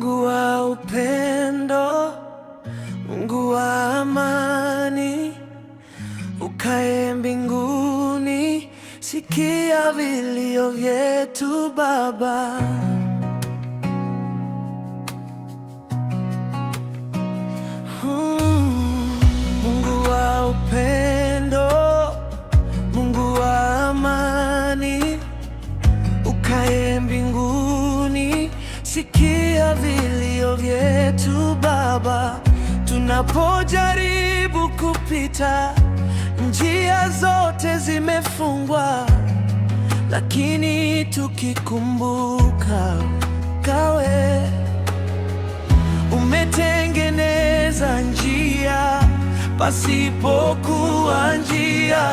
Mungu wa upendo, Mungu wa amani, ukae mbinguni, sikia vilio vyetu Baba. wetu Baba, tunapojaribu kupita njia zote zimefungwa, lakini tukikumbuka kawe umetengeneza njia pasipokuwa njia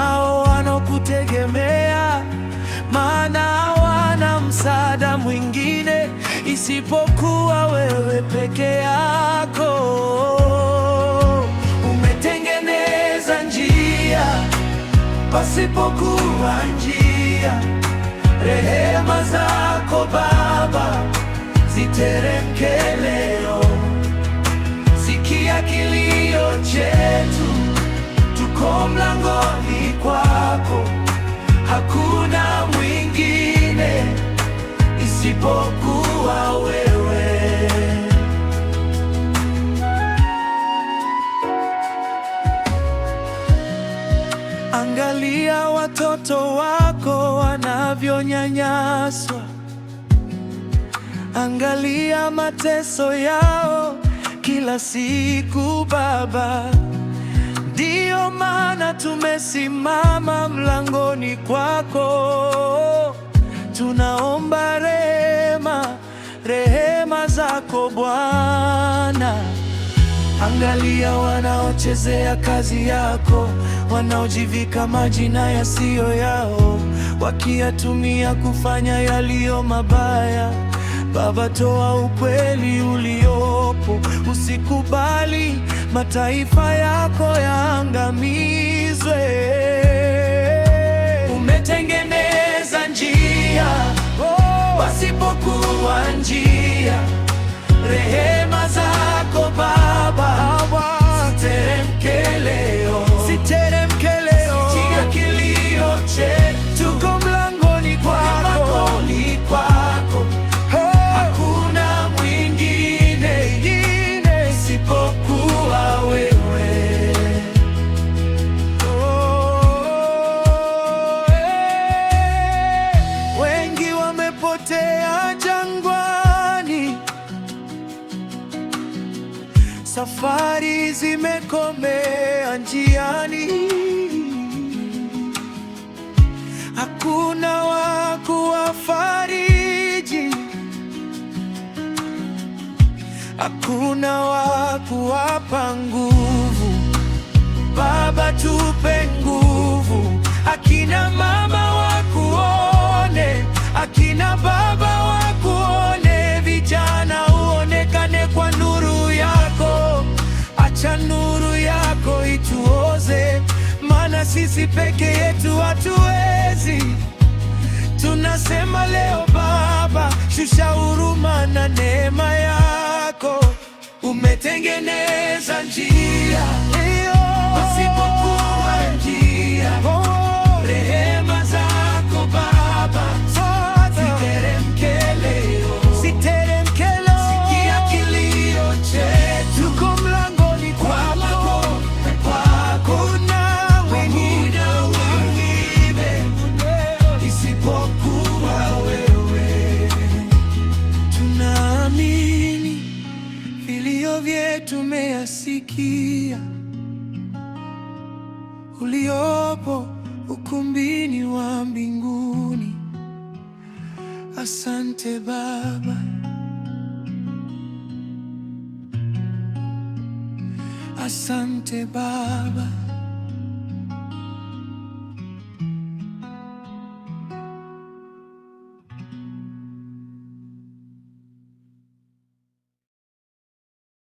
nao wanaokutegemea, maana hawana msaada mwingine isipokuwa wewe peke yako. Umetengeneza njia pasipokuwa njia, rehema zako Baba zitere watoto wako wanavyonyanyaswa, angalia mateso yao kila siku Baba. Ndiyo maana tumesimama mlangoni kwako, tunaomba rehema, rehema zako Bwana. Angalia wanaochezea kazi yako, wanaojivika majina yasiyo yao, wakiyatumia kufanya yaliyo mabaya. Baba, toa ukweli uliopo, usikubali mataifa yako yaangamizwe. Umetenge safari zimekomea njiani, hakuna wa kuwafariji, hakuna wa kuwapa nguvu. Baba, tupe nguvu, akina mama wakuone, akina baba peke yetu hatuwezi. Tunasema leo Baba, shusha huruma na neema yako, umetengeneza njia yasikia uliopo ukumbini wa mbinguni. Asante Baba, asante Baba.